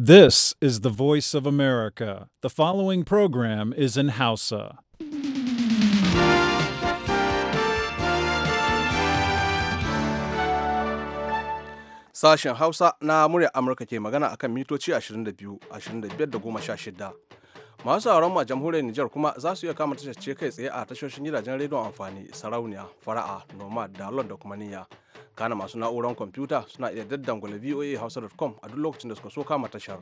This is the voice of America. The following program is in Hausa. Sashen Hausa na murya Amurka ke magana akan mitoci 22, 25 sha 16. Masu sauran ma jamhuriyar Nijar kuma za su iya kama tashar kai tsaye a tashoshin gidajen rediyon amfani, sarauniya, fara'a, nomad, dalon da kuma niyya. kana masu na'uran kwamfuta suna iya daddangula voa hausa.com a duk lokacin da suka so kama tashar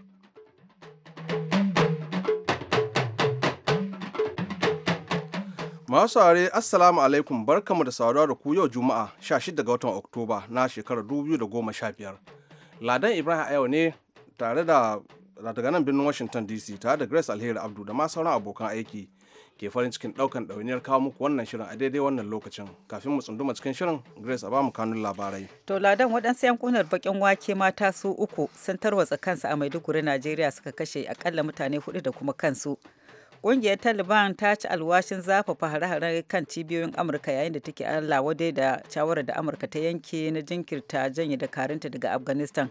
masu saurare assalamu alaikum barkamu da saduwa da ku yau juma'a 16 ga watan oktoba na shekarar 2015 ladan ibrahim ayo ne tare da daga nan birnin washington dc tare da grace alheri abdu da ma sauran abokan aiki ke farin cikin daukan ɗawainiyar kawo muku wannan shirin a daidai wannan lokacin kafin mu tsunduma cikin shirin grace a bamu kanun labarai to ladan waɗansu yankunan bakin wake mata su uku sun tarwatsa kansu a maiduguri najeriya suka kashe akalla mutane hudu da kuma kansu ƙungiyar taliban ta ci alwashin zafafa hare-hare kan cibiyoyin amurka yayin da take allah wadai da shawarar da amurka ta yanke na jinkirta janye karinta daga afghanistan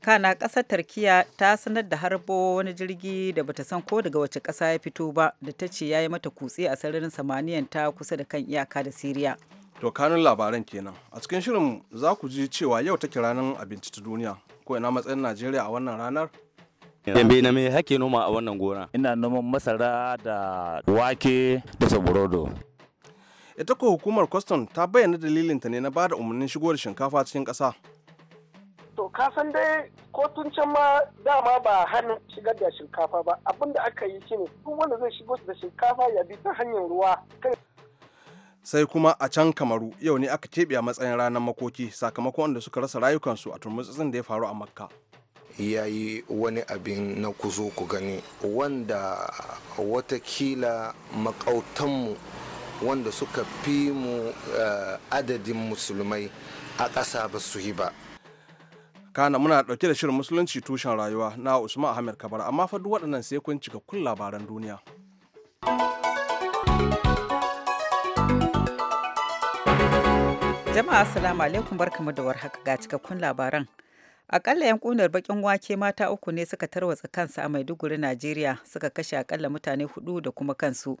kana ƙasar turkiya ta sanar da harbo wani jirgi da bata san ko daga wace ƙasa ya fito ba da ta ce ya yi mata kutse a sararin samaniyan ta kusa da kan iyaka da siriya to kanun labaran kenan a cikin shirin za ku ji cewa yau take ranar abinci ta duniya ko ina matsayin najeriya a wannan ranar Yambe na mai hake noma a wannan gona? Ina noman masara da wake da saburodo. Ita ko hukumar kwastam ta bayyana dalilinta ne na bada umarnin shigo da shinkafa cikin ƙasa To kasan dai kotun can ma dama ba hannun shigar da shinkafa ba abinda aka yi shine duk wanda zai shigo da shinkafa ya bi ta hanyar ruwa sai kuma a can kamaru yau ne aka keɓe a matsayin ranar makoki sakamakon wanda suka rasa rayukansu a turmutsutsun da ya faru a makka ya yi wani abin na kuzo ku gani wanda watakila makautanmu wanda suka fi mu eh, adadin musulmai a ƙasa ba su yi ba kana muna dauke da shirin musulunci tushen rayuwa na usman ahmed kabar amma fa duk waɗannan sai kun cika kun labaran duniya jama'a assalamu alaikum barkamu da warhaka ga cikakkun labaran akalla yan kunar bakin wake mata uku ne suka tarwatsa kansu a maiduguri najeriya suka kashe akalla mutane hudu da kuma kansu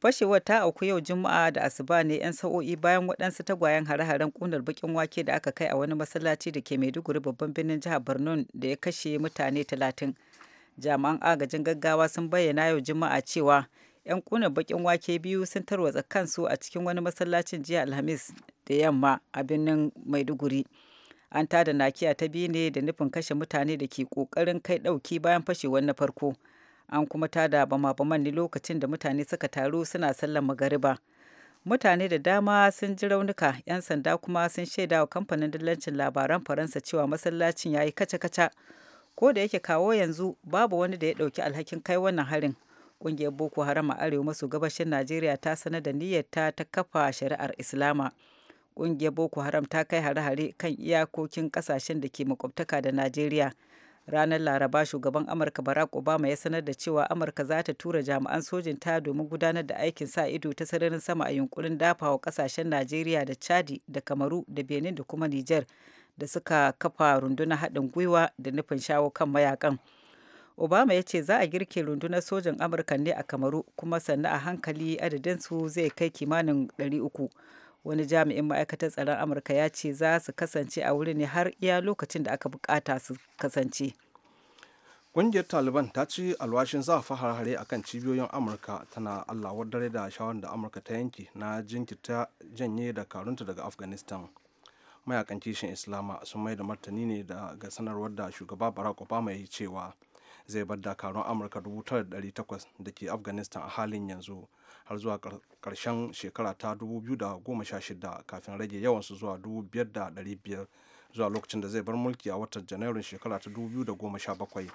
fashewar ta auku yau juma'a da asuba ne 'yan sa'o'i bayan waɗansu tagwayen hare-haren ƙunar bakin wake da aka kai a wani masallaci da ke maiduguri babban birnin jihar borno da ya kashe mutane talatin jami'an agajin gaggawa sun bayyana yau juma'a cewa 'yan ƙunar bakin wake biyu sun tarwatsa kansu a cikin wani masallacin jiya alhamis da yamma a birnin maiduguri an tada nakiya ta biyu ne da nufin kashe mutane da ke kokarin kai ɗauki bayan fashewar na farko an kuma tada bama-baman ne lokacin da mutane suka taru suna sallar magariba mutane da dama sun ji raunuka 'yan sanda kuma sun shaidawa kamfanin dillancin labaran faransa cewa masallacin ya yi kaca-kaca ko da yake kawo yanzu babu wani da ya ɗauki alhakin kai wannan harin ƙungiyar boko haram a arewa maso gabashin najeriya ta sanar da niyyar ta kafa shari'ar islama ƙungiyar boko haram ta kai hare-hare kan iyakokin kasashen da ke makwabtaka da najeriya ranar laraba shugaban amurka barack obama ya sanar da cewa amurka za ta tura jami'an sojin ta domin gudanar da aikin sa ido ta sararin sama a yunkurin dafawa kasashen najeriya da chadi da kamaru da benin da kuma niger da suka kafa rundunar haɗin gwiwa da nufin shawo kan mayakan obama ya ce za a girke rundunar sojin amurka ne a kamaru kuma sannan a hankali adadinsu zai kai kimanin 300 wani jami'in ma'aikatar tsaron amurka ya ce za su kasance a wuri ne har iya lokacin da aka bukata su kasance ƙungiyar taliban ta ci alwashin za a hare a kan cibiyoyin amurka tana allawar dare da shawar da amurka ta yanke na jinkirta janye da karunta daga afghanistan mayakan kishin islama sun mai da martani ne ga sanarwar da shugaba barack obama ya yi cewa zai bar dakarun amurka tara da ke afghanistan a halin yanzu har zuwa karshen shekara ta 2016 kafin rage yawansu zuwa biyar zuwa lokacin da zai bar mulki a watan janairun shekara ta 2017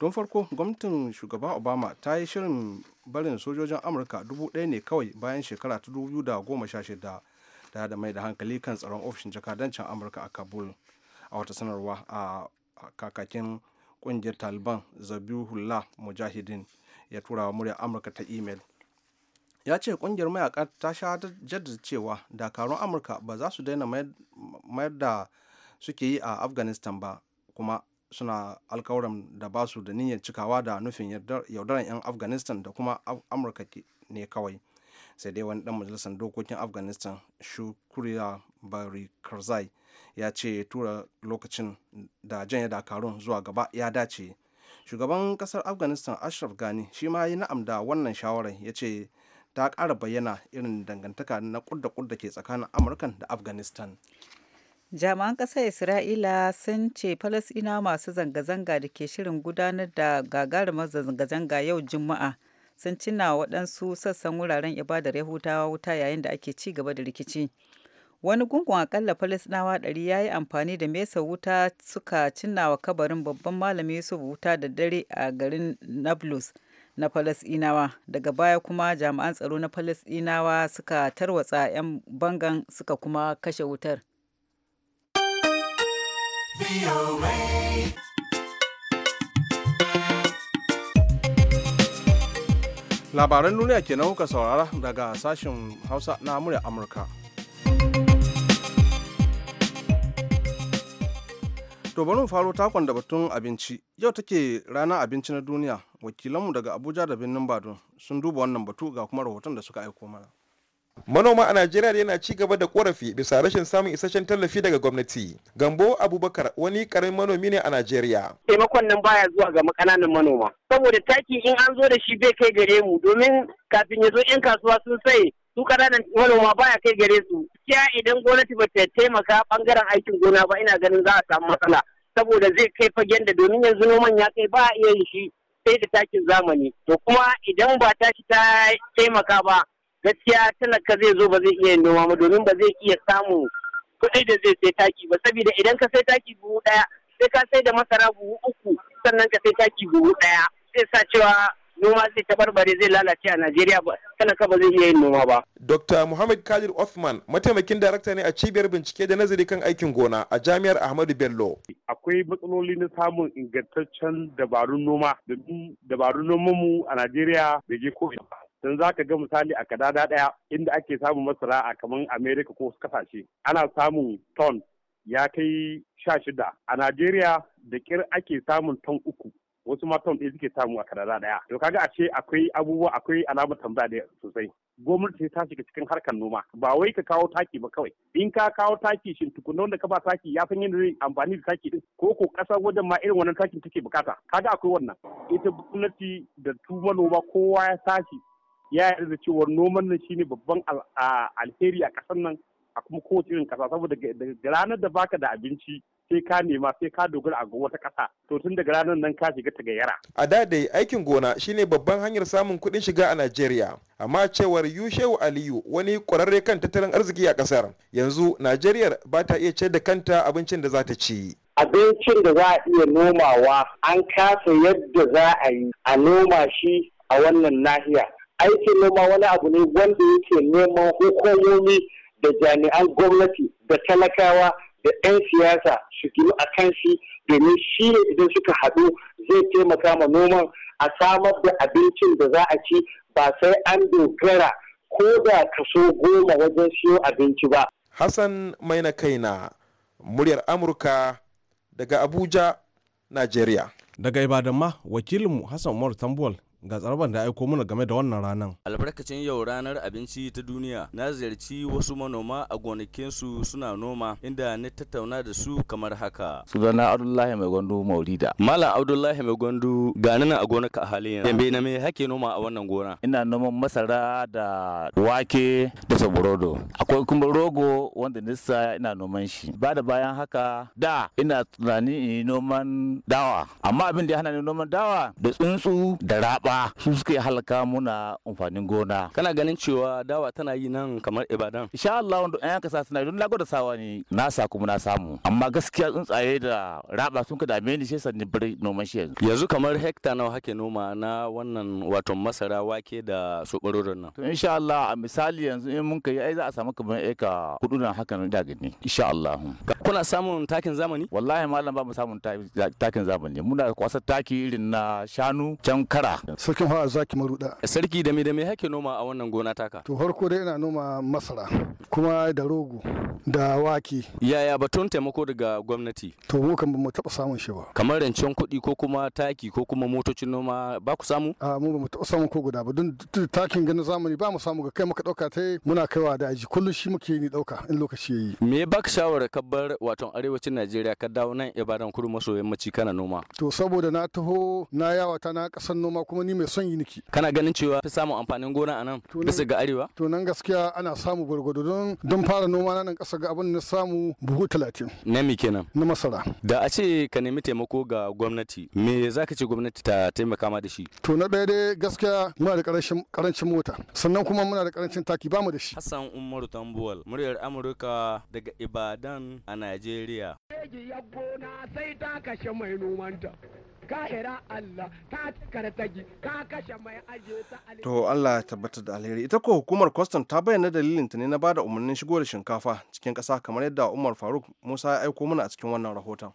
don farko gwamnatin shugaba obama ta yi shirin barin sojojin amurka 1,000 ne kawai bayan shekara ta 2016 da da mai da hankali kan tsaron ofishin jakadancin amurka a kabul a wata sanarwa a kakakin kungiyar taliban zabihullah mujahidin ya tura wa muryar amurka ta email ya ce kungiyar mayaka ta sha jaddada cewa dakarun amurka ba za su daina mayar da suke yi a afghanistan ba kuma suna alkawarin da ba su da niyyar cikawa da nufin yaudaran 'yan afghanistan da kuma amurka ne kawai sai dai wani dan majalisar dokokin afghanistan shukuriya bari karzai ya ce tura lokacin da janye dakarun zuwa gaba ya dace shugaban kasar afghanistan ashraf gani shi ma yi na'am da wannan shawarar ya ce ta ƙara bayyana irin dangantaka na kudda kudda ke tsakanin amurkan da afghanistan jami'an ƙasar isra'ila sun ce falasina masu zanga-zanga da ke shirin gudanar da gagarumar zanga-zanga yau juma'a sun cinna waɗansu sassan wuraren ibadar Yahudawa wuta yayin da ake ci gaba da rikici. Wani gungun akalla Falasɗinawa ɗari ya yi amfani da mesa wuta suka cinna wa kabarin babban malami Yusuf wuta da dare a garin Nablus na Falasɗinawa. Daga baya kuma jami'an tsaro na Falasɗinawa suka tarwatsa 'yan bangan suka kuma kashe wutar. labaran duniya kenan kuka saurara daga sashen hausa na murya amurka to bari mu faro takon da batun abinci yau take ranar abinci na duniya wakilanmu daga abuja da birnin badon sun duba wannan batu ga kuma rahoton da suka aiko mana manoma a najeriya yana ci gaba da korafi bisa rashin samun isasshen tallafi daga gwamnati gambo abubakar wani karamin manomi ne a najeriya taimakon nan baya zuwa ga makananan manoma saboda taki in an zo da shi bai kai gare mu domin kafin ya zo yan kasuwa sun sai su kananan manoma baya kai gare su kiya idan gwamnati ba ta taimaka bangaren aikin gona ba ina ganin za a samu matsala saboda zai kai fagen da domin yanzu noman ya kai ba a iya yin shi sai da takin zamani to kuma idan ba tashi ta taimaka ba gaskiya talaka zai zo ba zai iya yin noma ba domin ba zai iya samun kuɗi da zai sai taki ba saboda idan ka sai taki buhu ɗaya sai ka sai da masara buhu uku sannan ka sai taki buhu ɗaya zai sa cewa noma zai tabarbare zai lalace a Najeriya ba talaka ba zai iya yin noma ba. Dr. Muhammad Kadir Othman mataimakin darakta ne a cibiyar bincike da nazari kan aikin gona a Jami'ar Ahmadu Bello. Akwai matsaloli na samun ingantaccen dabarun noma domin dabarun nomanmu a Najeriya bai je ko'ina. don za ka ga misali a kadada daya inda ake samun masara a kamar Amerika ko wasu kasashe ana samun ton ya kai sha shida a najeriya da kir ake samun ton uku wasu ma ton ɗaya suke samu a kadada daya. to kaga a ce akwai abubuwa akwai alamar tambaya da sosai gwamnati ta shiga cikin harkar noma ba wai ka kawo taki ba kawai in ka kawo taki shin tukunna wanda ka ba taki ya san yadda zai amfani da taki din ko ko ƙasa wajen ma irin wannan takin take bukata kaga akwai wannan ita gwamnati da tu manoma kowa ya tashi ya yarda da cewa noman nan shine babban alheri a ƙasar nan a kuma kowace irin ƙasa saboda daga ranar da baka da abinci sai ka nema sai ka dogara a wata kasa to tun daga ranar nan ka shiga yara. A da dai aikin gona shine babban hanyar samun kuɗin shiga a Najeriya amma cewar Yushewu Aliyu wani ƙwararre kan tattalin arziki a ƙasar yanzu Najeriya ba ta iya ce da kanta abincin da za ta ci. Abincin da za a iya nomawa an kasa yadda za a yi a noma shi a wannan nahiya aikin noma wani abu ne wanda yake neman hukumomi da jami'an gwamnati da talakawa da 'yan siyasa su gino a kan shi domin shi ne idan suka haɗu zai taimaka ma noman a samar da abincin da za a ci ba sai an dogara ko da kaso goma wajen siyo abinci ba. Hassan Maina na muryar Amurka daga Abuja, Najeriya. Daga Ibadan ma wakilinmu Hassan Umar Tambuwal ga tsarban da aiko mana game da wannan ranar. Albarkacin yau ranar abinci ta duniya na ziyarci wasu manoma a gonakinsu suna noma inda na tattauna da su kamar haka. Sunana Abdullahi Mai Gwandu Maulida. Malam Abdullahi Mai Gwandu gani a gonaka a halin yanzu. na me hake noma a wannan gona? Ina noman masara da wake da saburodo Akwai kuma rogo wanda nisa ina noman shi. Ba da bayan haka da ina tunani in noman dawa. Amma abin da ya hana ni noman dawa da tsuntsu da raba ruwa suka yi halaka muna amfanin gona kana ganin cewa dawa tana yi nan kamar ibadan insha Allah wanda an yanka suna don lagos da sawa ne na sa kuma na samu amma gaskiya tsuntsaye da raba sun ka dame ni sai sanni bari noman shi yanzu yanzu kamar hekta nawa hake noma na wannan wato masara wake da soɓarorin nan insha Allah a misali yanzu in mun kai ai za a samu kamar eka kudu na haka da gani insha Allah kuna samun takin zamani wallahi malam ba mu samun takin zamani muna kwasa taki irin na shanu can kara sarkin hawa zaki maruda sarki da me da me hake noma a wannan gona taka to harko dai ina noma masara kuma da rogo da wake yaya batun taimako daga gwamnati to mu kan bamu taba samun shi ba kamar rancen kuɗi ko kuma taki ko kuma motocin noma ba ku samu a mu bamu taɓa taba samun ko guda ba don takin ganin zamani ba mu samu ga kai muka dauka ta muna kaiwa da aji kullum shi muke ni dauka in lokaci yayi me baka shawara ka bar waton arewacin Najeriya ka dawo nan Ibadan kudu maso yammaci kana noma to saboda na taho na yawata na kasan noma kuma ni mai son yi niki kana ganin cewa fi samun amfanin gona a nan bisa ga arewa to nan gaskiya ana samu gwargwado don don fara noma na nan kasa ga abin na samu buhu talatin na mi kenan na masara da a ce ka nemi taimako ga gwamnati me za ka ce gwamnati ta taimaka ma da shi to na ɗaya dai gaskiya muna da karancin mota sannan kuma muna da karancin taki ba mu da shi Hassan Umaru Tambuwal muryar Amurka daga Ibadan a Najeriya. ya gona sai ta kashe mai nomanta. ka hira Allah ka kartagi ka kashe mai aje ta to Allah ya tabbatar da alheri ita ko hukumar kwastam ta bayyana dalilin ta ne na bada umarnin shigo da shinkafa cikin kasa kamar yadda Umar Faruk Musa ya aiko mana a cikin wannan rahoton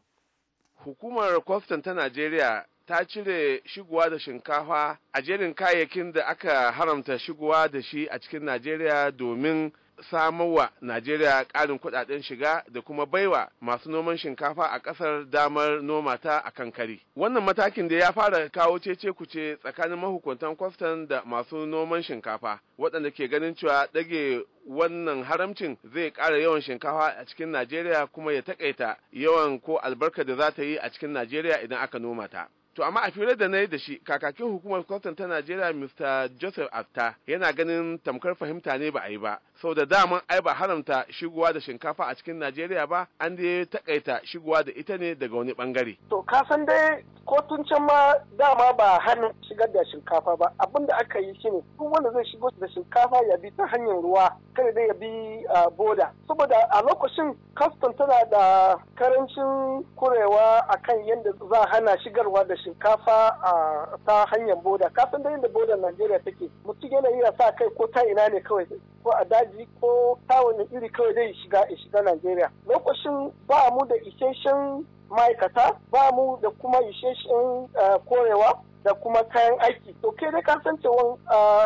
hukumar kwastam ta Najeriya ta cire shigowa da shinkafa a jerin kayayyakin da aka haramta shigowa da shi a cikin Najeriya domin samarwa Najeriya ƙarin kuɗaɗen shiga da kuma baiwa masu noman shinkafa a ƙasar damar noma ta a kankari. Wannan matakin da ya fara kawo cece kuce tsakanin mahukuntan kwastan da masu noman shinkafa waɗanda ke ganin cewa ɗage wannan haramcin zai ƙara yawan shinkafa a cikin Najeriya kuma ya taƙaita yawan ko albarka da za ta yi a cikin Najeriya idan aka noma ta. to amma a fira da na yi da shi kakakin hukumar kwastan ta najeriya mr joseph afta yana ganin tamkar fahimta ne ba a yi ba sau da daman ai ba haramta shigowa da shinkafa a cikin najeriya ba an da takaita shigowa da ita ne daga wani bangare to kasan dai kotun can ma dama ba hannun shigar da shinkafa ba abin da aka yi shine duk wanda zai shigo da shinkafa ya bi ta hanyar ruwa kada dai ya bi boda saboda a lokacin kwastan tana da karancin kurewa akan yadda za a hana shigarwa da shinkafa a ta hanyar boda kafin da da bodar najeriya take mutum yana iya sa kai ko ta ina ne kawai ko a daji ko ta wani iri kawai zai shiga shiga najeriya lokacin ba mu da isheshen ma'aikata ba mu da kuma isheshen korewa da kuma kayan aiki to kai dai kasancewan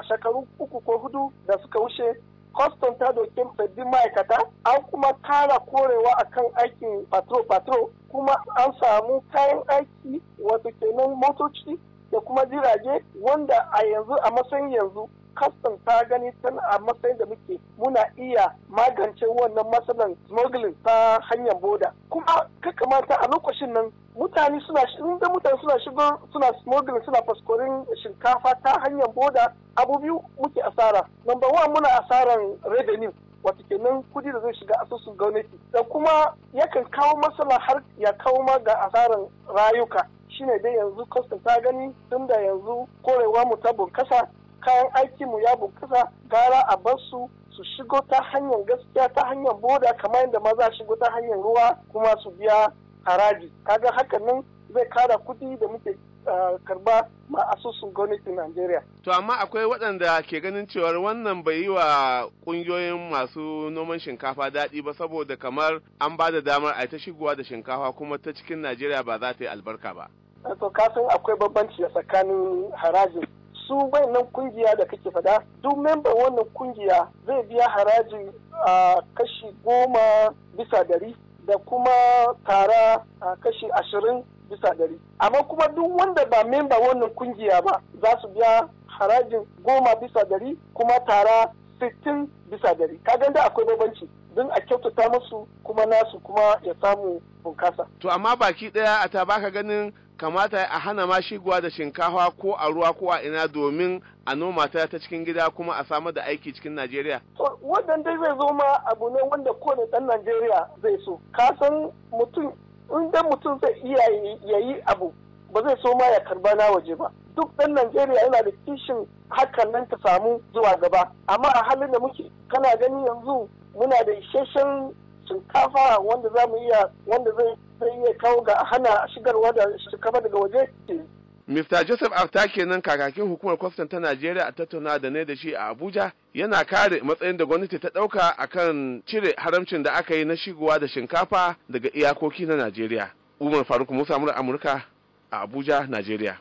shekaru uku ko hudu da suka wuce kwaston ta doki sabbin ma'aikata an kuma kara korewa akan aikin patro-patro kuma an samu kayan aiki wato kenan motoci da kuma jirage wanda a yanzu a matsayin yanzu kastom ta gani tana a matsayin da muke muna iya magance wannan matsalar smuggling ta hanyar boda kuma kamata a lokacin nan mutane suna inda mutane suna shigo suna smuggling suna faskorin shinkafa ta hanyar boda abu biyu muke asara number one muna asaran revenue wata kenan kudi da zai shiga asusun gwamnati da kuma yakan kawo matsala har ya kawo ma ga asaran rayuka shine dai yanzu kwastam ta gani tun da yanzu korewa mu ta bunkasa kayan aikinmu ya bukata gara a bar su su shigo ta hanyar gaskiya ta hanyar boda kamar yadda maza shigo ta hanyar ruwa kuma su biya haraji kaga hakan nan zai kara kuɗi da muke karba ma asusun gwamnatin Najeriya. To amma akwai waɗanda ke ganin cewar wannan bai yi wa ƙungiyoyin masu noman shinkafa daɗi ba saboda kamar an ba da damar a ta shigowa da shinkafa kuma ta cikin Najeriya ba za ta yi albarka ba. Eh, to kafin akwai bambanci a tsakanin harajin su wayannan kungiya da kake fada duk memba wannan kungiya zai biya haraji a kashi goma bisa dari da kuma tara a kashi ashirin bisa dari amma kuma duk wanda ba memba wannan kungiya ba za su biya harajin goma bisa dari kuma tara 60 bisa dari gan da akwai bambanci don a kyautata masu kuma nasu kuma ya samu bunkasa to amma baki daya a ta baka ganin kamata a hana ma shigowa da shinkafa ko a ruwa ko a ina domin a noma ta ta cikin gida kuma a samar da aiki cikin Najeriya? Wannan dai zai zo ma abu ne wanda kowane ɗan Najeriya zai so. Ka san mutum, in mutum zai iya yayi abu ba zai so ma ya karba na waje ba duk ɗan najeriya yana da kishin hakan nan ta samu zuwa gaba amma a halin da muke kana gani yanzu muna da isasshen shinkafa wanda za mu iya wanda zai iya kawo ga hana shigarwa da shinkafa daga waje Mr. Joseph Afta kenan kakakin hukumar kwastan ta Najeriya a tattauna da ne da shi a Abuja yana kare matsayin da gwamnati ta ɗauka akan cire haramcin da aka yi na shigowa da shinkafa daga iyakoki na Najeriya. Umar Faruk Musa Amurka a Abuja, Najeriya.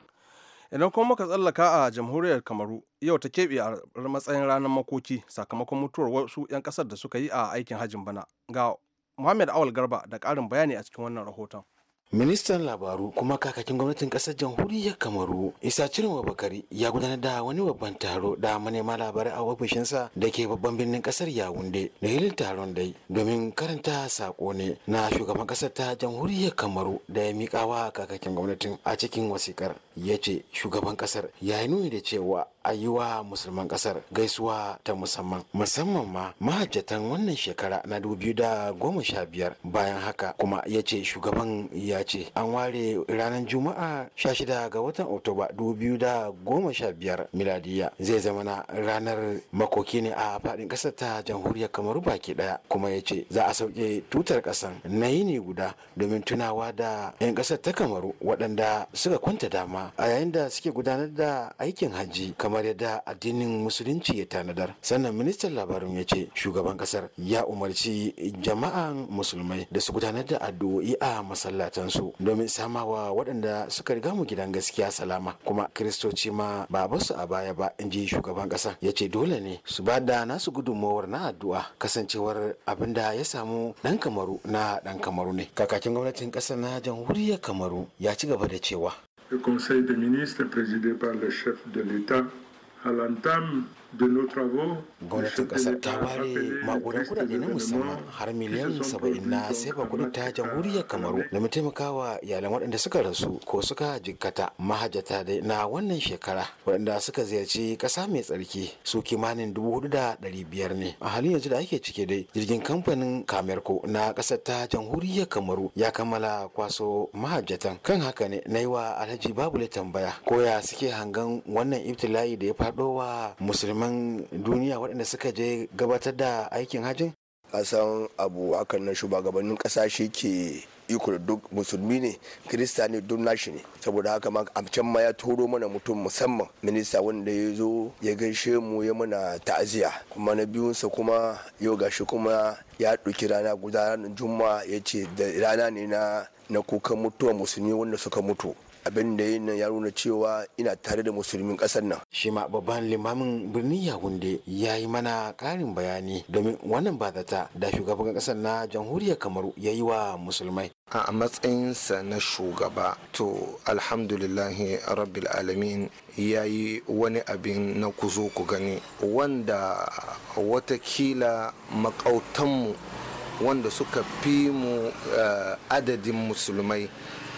Idan kuma muka tsallaka a jamhuriyar Kamaru yau ta keɓe a matsayin ranar makoki sakamakon mutuwar wasu 'yan ƙasar da suka yi a aikin hajin bana. Ga Muhammad Awal Garba da ƙarin bayani a cikin wannan rahoton. Ministan labaru kuma kakakin gwamnatin kasar jamhuriyar Kamaru Isa Cirinwa Bakari ya gudanar da wani babban taro da manema labarai a ofishinsa da ke babban birnin kasar Yawunde da hilin taron dai domin karanta sako ne na shugaban kasar ta jamhuriyar Kamaru da ya mika wa kakakin gwamnatin a cikin wasikar ya ce shugaban kasar ya yi nuni da cewa a yi wa musulman kasar gaisuwa ta musamman musamman ma mahajjatan wannan shekara na da goma sha biyar. bayan haka kuma ya ce shugaban ya ya ce an ware ranar juma'a 16 ga watan oktoba 2015 miladiya zai zama na ranar makoki ne a fadin ƙasar ta jamhuriyar kamaru baki ɗaya kuma ya ce za a sauke tutar ƙasan na yi yini guda domin tunawa da 'yan ƙasar ta kamaru waɗanda suka kwanta dama a yayin da suke gudanar da aikin hajji kamar yadda addinin musulunci ya tanadar sannan ministan labarin ya ce shugaban ƙasar ya umarci jama'an musulmai da su gudanar da addu'o'i a masallatan gidajensu domin samawa waɗanda suka riga mu gidan gaskiya salama kuma kiristoci ma ba basu a baya ba in ji shugaban ƙasa ya ce dole ne su ba da nasu gudunmawar na addu'a kasancewar abin da ya samu ɗan kamaru na ɗan kamaru ne kakakin gwamnatin ƙasar na jamhuriyar kamaru ya ci gaba da cewa Le Conseil des ministres présidé par le chef de l'État à l'entame gwamnatin kasar ta ware makudan kudade na musamman har miliyan saba'in na saifa kudi ta jamhuriyar kamaru domin taimakawa iyalan waɗanda suka rasu ko suka jikkata mahajata dai na wannan shekara waɗanda suka ziyarci ƙasa mai tsarki su kimanin dubu hudu da ɗari biyar ne a halin yanzu da ake cike dai jirgin kamfanin kamerko na ƙasar ta jamhuriyar kamaru ya kammala kwaso mahajjatan kan haka ne na yi wa alhaji babu tambaya ko ya suke hangen wannan ibtila'i da ya faɗo wa musulman malaman duniya waɗanda suka je gabatar da aikin hajjin san abu hakan na shugabannin ƙasashe ke iko duk musulmi ne kirista ne duk nashi ne saboda haka ma amcan ma ya turo mana mutum musamman minista wanda ya zo ya gaishe mu ya muna ta'aziya kuma na biyunsa kuma yau gashi kuma ya ɗauki rana guda ranar juma'a ya ce da rana ne na na kukan mutuwa musulmi wanda suka mutu abin da yin nan ya nuna cewa ina tare da musulmin ƙasar nan shi ma babban limamin birnin yahunde ya yi mana ƙarin bayani domin wannan ba zata da shugaban ƙasar na jamhuriyar kamaru ya yi wa musulmai a matsayinsa na shugaba to alhamdulillahi rabbil alamin ya yi wani abin na kuzo ku gani wanda watakila makautanmu wanda suka fi mu eh, adadin musulmai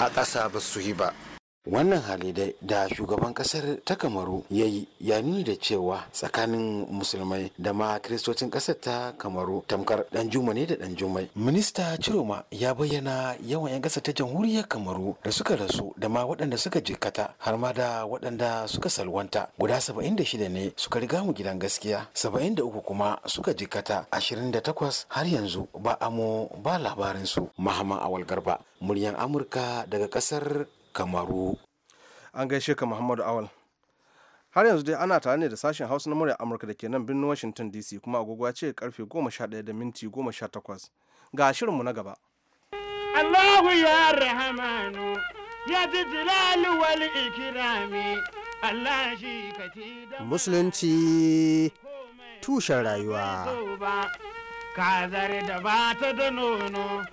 a ƙasa ba su yi ba wannan hali da shugaban kasar ta kamaru ya yi ya da cewa tsakanin musulmai da ma kiristocin kasar ta kamaru tamkar dan juma ne da dan jumai minista ciroma ya bayyana yawan yan kasar ta jamhuriyar kamaru da suka rasu da ma waɗanda suka jikata har ma da waɗanda suka salwanta guda 76 ne suka riga mu gidan gaskiya 73 kuma suka jikkata 28 har yanzu ba amo ba labarinsu mahama awal garba muryan amurka daga kasar kamaru an gaishe ka muhammadu awal har yanzu dai ana tare ne da sashen hausa na murya amurka da ke nan birnin washington dc kuma agogo ce karfe 11 da minti 18 ga shirinmu na gaba allahu ya rahamanu ya ji jilali wal ikirami allah shi ka ti da musulunci tushen rayuwa kazar da ba ta da nono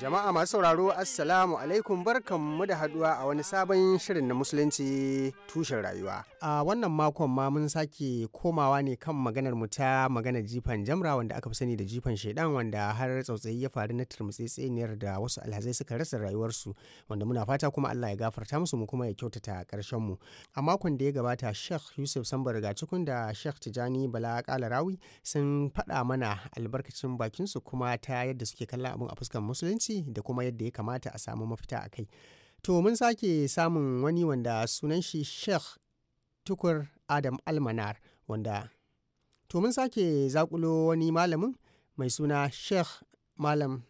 Jama'a masu sauraro Assalamu alaikum barkan mu da haduwa a wani sabon shirin na musulunci tushen rayuwa. A wannan makon ma mun sake komawa ne kan maganar mu ta maganar jifan jamra wanda aka fi sani da jifan shaidan wanda har tsautsayi ya faru na turmutsitsiniyar da wasu alhazai suka rasa rayuwarsu wanda muna fata kuma Allah ya gafarta musu mu kuma ya kyautata karshen mu. A makon da ya gabata Sheikh Yusuf Sambar Gacikun da Sheikh Tijani Bala Kalarawi sun faɗa mana albarkacin bakinsu kuma ta yadda suke kallon abin a fuskan musulunci da kuma yadda ya kamata a samu mafita a kai to mun sake samun wani wanda sunan shi sheikh tukur adam almanar wanda to mun sake zakulo wani malamin mai suna sheikh malam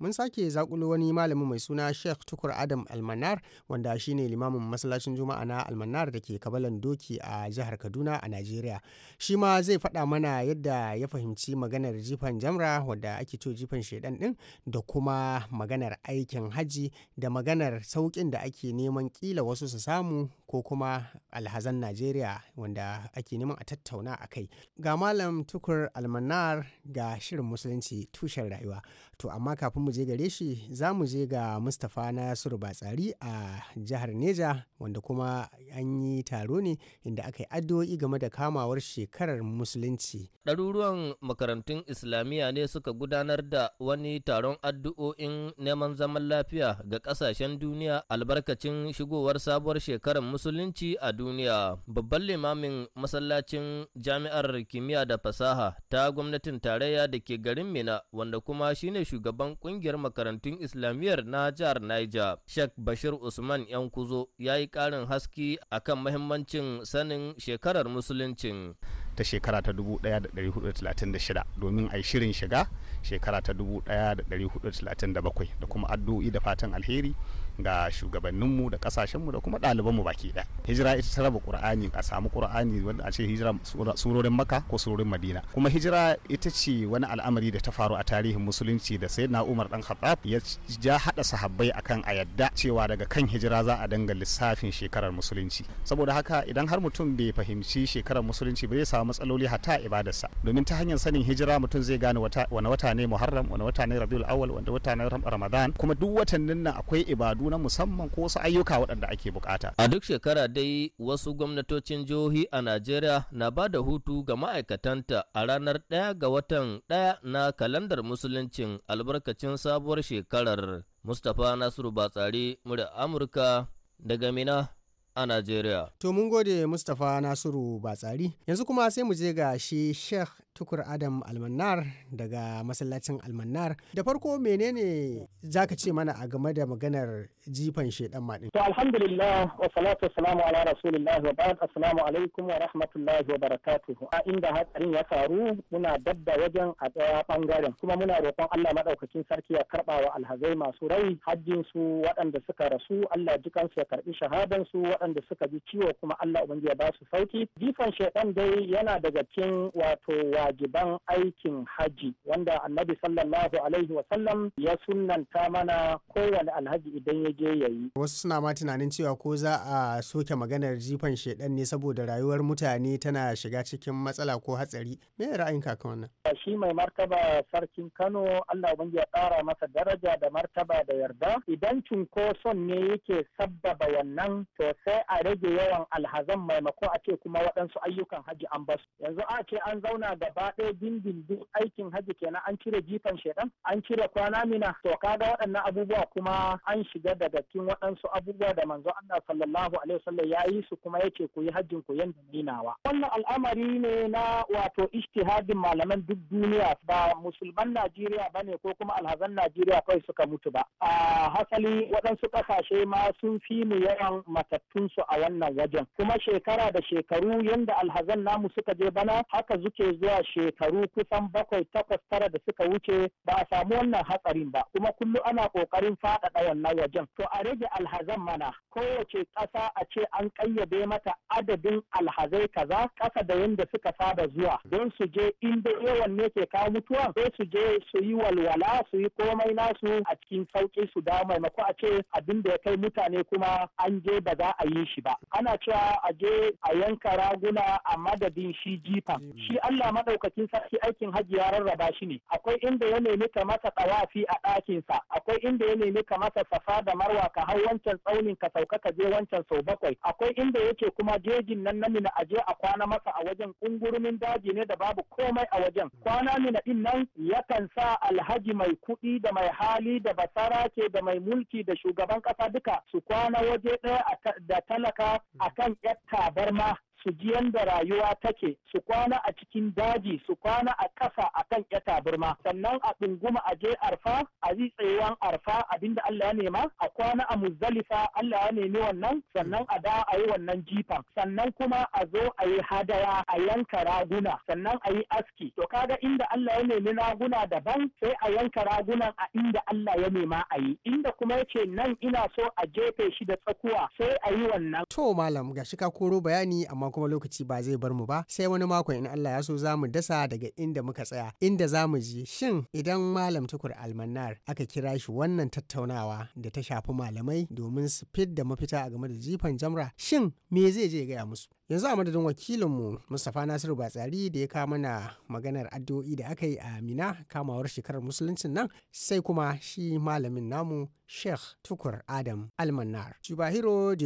mun sake zakulo wani malami mai suna sheikh tukur adam almanar wanda shine limamin masallacin juma'a na almanar da ke kabalan doki a jihar kaduna a najeriya shi ma zai faɗa mana yadda ya fahimci maganar jifan jamra wadda ake to jifan shaidan din da kuma maganar aikin haji da maganar sauƙin da ake neman kila wasu su samu ko kuma alhazan najeriya wanda ake neman a tattauna a kai ga malam tukur almanar ga shirin musulunci tushen rayuwa to amma kafin mu je gare shi za mu je ga mustapha nasiru batsari a jihar neja wanda kuma an yi taro ne inda aka yi addu'o'i game da kamawar shekarar musulunci ɗaruruwan makarantun islamiyya ne suka gudanar da wani taron addu'o'in neman zaman lafiya ga ƙasashen duniya albarkacin shigowar sabuwar shekarar musulunci a duniya babban limamin masallacin jami'ar kimiyya da fasaha ta gwamnatin tarayya da ke garin mina wanda kuma shine shugaban ƙungiyar ƙungiyar makarantun islamiyyar na jihar Niger, Sheikh Bashir Usman yan kuzo ya yi ƙarin haski akan mahimmancin sanin shekarar musuluncin. ta shekara ta 1436 domin a yi shirin shiga shekara ta 1437 da kuma addu'o'i da fatan alheri ga shugabanninmu da kasashenmu da kuma ɗalibanmu baki ɗaya hijira ita ta raba qur'ani a samu qur'ani wanda a ce hijira surorin maka ko surorin madina kuma hijira ita ce wani al'amari da ta faru a tarihin musulunci da sai na umar dan khattab ya ja hada sahabbai akan a yadda cewa daga kan hijira za a danga lissafin shekarar musulunci saboda haka idan har mutum bai fahimci shekarar musulunci ba zai samu matsaloli hatta ibadarsa domin ta hanyar sanin hijira mutum zai gane wani wata ne muharram wani wata ne rabiul awwal wani wata ne ramadan kuma duk watannin nan akwai ibadu na musamman ko wasu ayyuka waɗanda ake bukata a duk shekara dai wasu gwamnatocin jihohi a najeriya na ba da hutu ga ma'aikatanta a ranar ɗaya ga watan ɗaya na kalandar musuluncin albarkacin sabuwar shekarar mustapha nasiru batsari murya amurka daga mina a Najeriya. To mun gode Mustapha Nasiru Batsari. Yanzu kuma sai mu je ga shi Sheikh tukur adam almanar daga masallacin almanar da farko menene za ka ce mana a game da maganar jifan shaidan maɗin to alhamdulillah wa salatu salamu ala rasulillah wa ba'ad assalamu alaikum wa rahmatullahi wa barakatuhu a inda hatsarin ya faru muna dabda wajen a daya bangaren kuma muna roƙon Allah maɗaukakin sarki ya karɓa wa alhazai masu rai hajjin su waɗanda suka rasu Allah dukansu ya karɓi shahadan su waɗanda suka ji ciwo kuma Allah ubangiji ya ba su sauki jifan shaidan dai yana daga cikin wato wa? wajiban aikin haji wanda annabi sallallahu alaihi wasallam ya sunanta mana kowane alhaji idan ya je yayi Wasu suna ma tunanin cewa ko za a soke maganar jifan shaidan ne saboda rayuwar mutane tana shiga cikin matsala ko hatsari. Me ra'ayin kaka wannan? Shi mai martaba sarkin Kano Allah ban ya ƙara masa daraja da martaba da yarda. Idan cunkoson ne yake sabbaba wannan to sai a rage yawan alhazan maimako a ce kuma waɗansu ayyukan haji an basu. Yanzu a ce an zauna da gaba ɗaya dindindin aikin hajji kenan an cire jifan shaidan an cire kwana mina to kaga waɗannan abubuwa kuma an shiga daga cikin waɗansu abubuwa da manzo Allah sallallahu alaihi wasallam ya yi su kuma yake ku yi hajjin ku yanda ninawa wannan al'amari ne na wato ijtihadin malaman duk duniya ba musulman Najeriya bane ko kuma alhazan Najeriya kawai suka mutu ba a hasali waɗansu ƙasashe ma sun fi mu yawan matattunsu a wannan wajen kuma shekara da shekaru yanda alhazan namu suka je bana haka suke zuwa shekaru kusan bakwai takwas tara da suka wuce ba a samu wannan hatsarin ba kuma kullum ana kokarin faɗaɗa wannan wajen to a rage alhazan mana kowace ƙasa a ce an ƙayyade mata adadin alhazai kaza ƙasa da yadda suka saba zuwa don su je inda yawan ne ke kawo mutuwa sai su je su yi walwala su yi komai nasu a cikin sauƙi su da maimako a ce abin da ya kai mutane kuma an je ba za a yi shi ba ana cewa a je a yanka raguna a madadin shi jifa shi Allah maɗauki lokacin sarki aikin hajji ya rarraba shi ne akwai inda ya nemi ka masa tsawafi a ɗakinsa akwai inda ya nemi ka masa safa da marwa ka hau wancan tsaunin ka sauka ka je wancan sau bakwai akwai inda yake kuma jejin nan na mina aje a kwana masa a wajen kungurumin daji ne da babu komai a wajen kwana mina din nan yakan sa alhaji mai kuɗi da mai hali da basara ke da mai mulki da shugaban ƙasa duka su kwana waje ɗaya da talaka akan yar tabarma su ji yadda rayuwa take su kwana a cikin daji su kwana a kasa a kan ya taburma sannan a ɗunguma a je arfa a yi tsayuwan arfa abinda Allah ya nema a kwana a muzdalifa Allah ya nemi wannan sannan a da a yi wannan jifan sannan kuma a zo a yi hadaya a yanka raguna sannan a yi aski to kaga inda Allah ya nemi raguna daban sai a yanka ragunan a inda Allah ya nema a yi inda kuma yace nan ina so a jefe shi da tsakuwa sai a yi wannan to malam gashi ka koro bayani amma kuma lokaci ba zai bar mu ba sai wani mako in Allah ya so za mu dasa daga inda muka tsaya inda za mu je shin idan malam tukur almanar aka kira shi wannan tattaunawa da ta shafi malamai domin su fidda mafita a game da jifan jamra shin me zai je gaya musu yanzu a madadin wakilinmu mustapha nasiru batsari da ya kawo mana maganar addu'o'i da aka yi a mina kamawar shekarar musuluncin nan sai kuma shi malamin namu sheikh tukur adam almanar jubahiro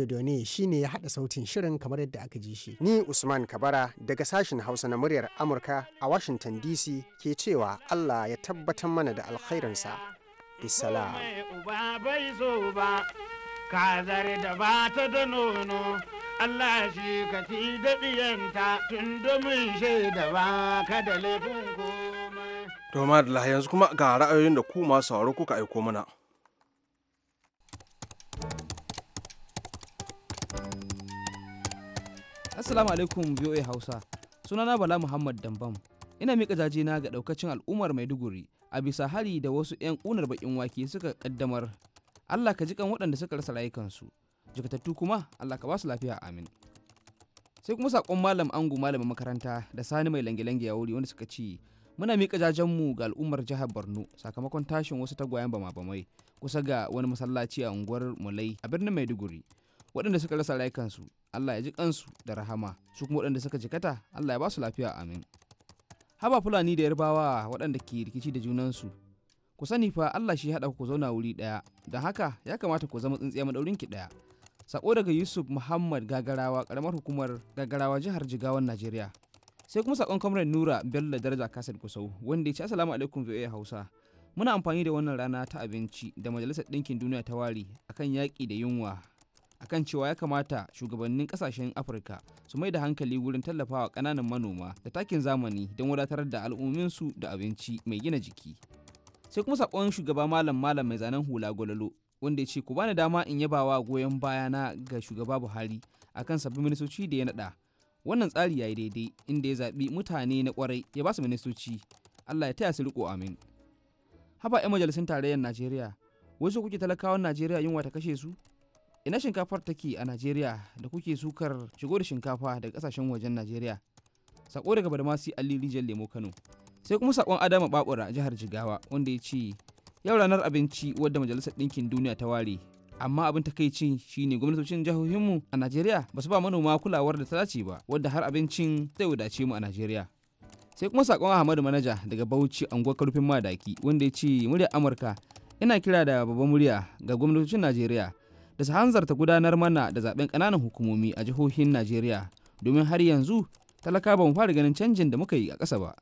shi ne ya haɗa sautin shirin kamar yadda aka ji shi ni usman kabara daga sashen hausa na muryar amurka a washington dc ke cewa allah ya tabbatar mana da alkhairinsa da nono Allah shi ka fi daɗiyanta tun domin shaida ba ka da laifin komai. To madalla yanzu kuma ga ra'ayoyin da ku masu sauraro kuka aiko mana. Assalamu alaikum VOA Hausa. Sunana Bala Muhammad Dambam. Ina miƙa jajena ga ɗaukacin al'ummar Maiduguri a bisa hari da wasu 'yan ƙunar baƙin wake suka ƙaddamar. Allah ka ji kan waɗanda suka rasa rayukansu. jikatattu kuma Allah ka ba lafiya amin sai kuma sakon malam angu malamin makaranta da sani mai lange-lange ya wuri wanda suka ci muna miƙa jajenmu ga al'ummar jihar borno sakamakon tashin wasu tagwayen bama-bamai kusa ga wani masallaci a unguwar mulai a birnin maiduguri waɗanda suka rasa rayukansu allah ya ji kansu da rahama su kuma waɗanda suka jikata allah ya ba su lafiya amin haba fulani da yarbawa waɗanda ke rikici da junansu ku sani fa allah shi haɗa ku zauna wuri ɗaya don haka ya kamata ku zama tsintsiya madaurinki ɗaya Sako daga Yusuf Muhammad Gagarawa karamar hukumar Gagarawa jihar Jigawan Najeriya. Sai kuma sakon kamar Nura Bello Daraja Kasar Kusau wanda ya ce Assalamu alaikum VOA Hausa. Muna amfani da wannan rana ta abinci da Majalisar Ɗinkin Duniya ta ware akan yaƙi da yunwa akan cewa ya kamata shugabannin kasashen afirka su mai da hankali wurin tallafawa kananan manoma da takin zamani don wadatar da al'umminsu da abinci mai gina jiki sai kuma sakon shugaba malam malam mai zanen hula gwalolo wanda ya ce ku bani dama in yaba wa goyon bayana ga shugaba buhari akan sabbin ministoci da ya naɗa wannan tsari ya yi daidai inda ya zaɓi mutane na kwarai ya ba su ministoci allah ya taya su riko amin haba 'yan majalisun tarayyar najeriya wasu kuke talakawan najeriya yunwa ta kashe su ina shinkafar take a najeriya da kuke sukar shigo da shinkafa daga kasashen wajen najeriya sako daga badamasi ali rijiyar lemo kano sai kuma sakon adama babura jihar jigawa wanda ya ce yau ranar abinci wadda majalisar ɗinkin duniya ta ware amma abin takaici shine gwamnatocin jihohinmu a najeriya basu ba manoma kulawar da ta dace ba wadda har abincin zai wadace mu a najeriya sai kuma sakon ahmadu manaja daga bauchi anguwar karfin madaki wanda ya ce murya amurka ina kira da babban murya ga gwamnatocin najeriya da su hanzarta gudanar mana da zaben kananan hukumomi a jihohin najeriya domin har yanzu talaka ba fara ganin canjin da muka yi a ƙasa ba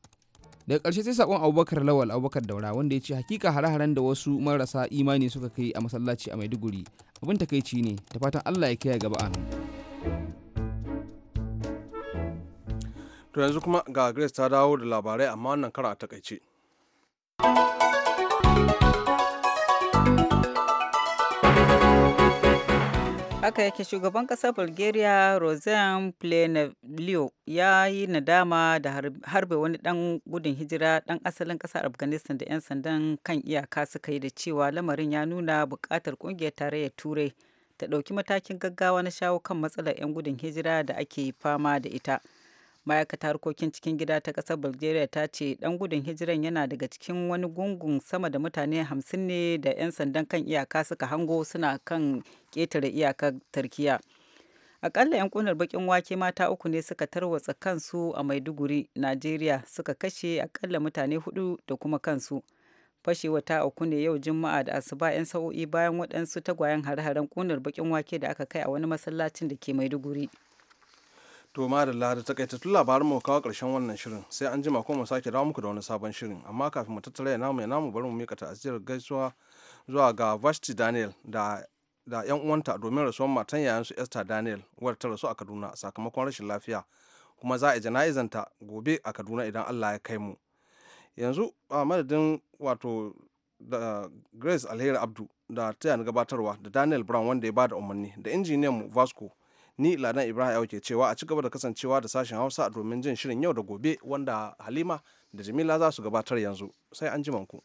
daga ƙarshe sai sakon abubakar lawal abubakar daura wanda ya ce hakika hare-haren da wasu marasa imani suka kai a masallaci a maiduguri abin takaici ne da fatan allah ya kiyaye gaba a to yanzu kuma ga grace ta dawo da labarai amma wannan kara a takaice haka yake shugaban ƙasar bulgaria rosen Plenelio ya yi nadama da harbe wani ɗan gudun hijira ɗan asalin ƙasar afghanistan da 'yan sandan kan iyaka suka yi da cewa lamarin ya nuna buƙatar ƙungiyar tarayyar turai ta ɗauki matakin gaggawa na shawo kan matsalar 'yan gudun hijira da ake fama da ita ma'aikata harkokin cikin gida ta ƙasar bulgaria ta ce ɗan gudun hijiran yana daga cikin wani gungun sama da mutane hamsin ne da 'yan sandan kan iyaka suka hango suna kan ƙetare iyakar turkiya akalla 'yan kunar bakin wake mata uku ne suka tarwatsa kansu a maiduguri najeriya suka kashe akalla mutane hudu da kuma kansu fashewa ta uku ne yau juma'a da asuba 'yan sa'o'i bayan waɗansu tagwayen hare-haren kunar bakin wake da aka kai a wani masallacin da ke maiduguri To ma da lada takaitattun labarin mu kawo karshen wannan shirin sai an jima ko mu sake dawo muku da wani sabon shirin amma kafin mu tattara ya namu ya namu bari mu mika ta'aziyar gaisuwa zuwa ga Vashti Daniel da da yan uwanta domin rasuwar matan yayansu Esther Daniel wadda ta rasu a Kaduna sakamakon rashin lafiya kuma za a jana'izanta gobe a Kaduna idan Allah ya kai mu. Yanzu a madadin wato da Grace Alheri Abdu da ta gabatarwa da Daniel Brown wanda ya bada umarni da injiniyan mu Vasco ni ladan ibrahim ya ke cewa a ci gaba da kasancewa da sashen hausa domin jin shirin yau da gobe wanda halima da jamila za su gabatar yanzu sai an ku.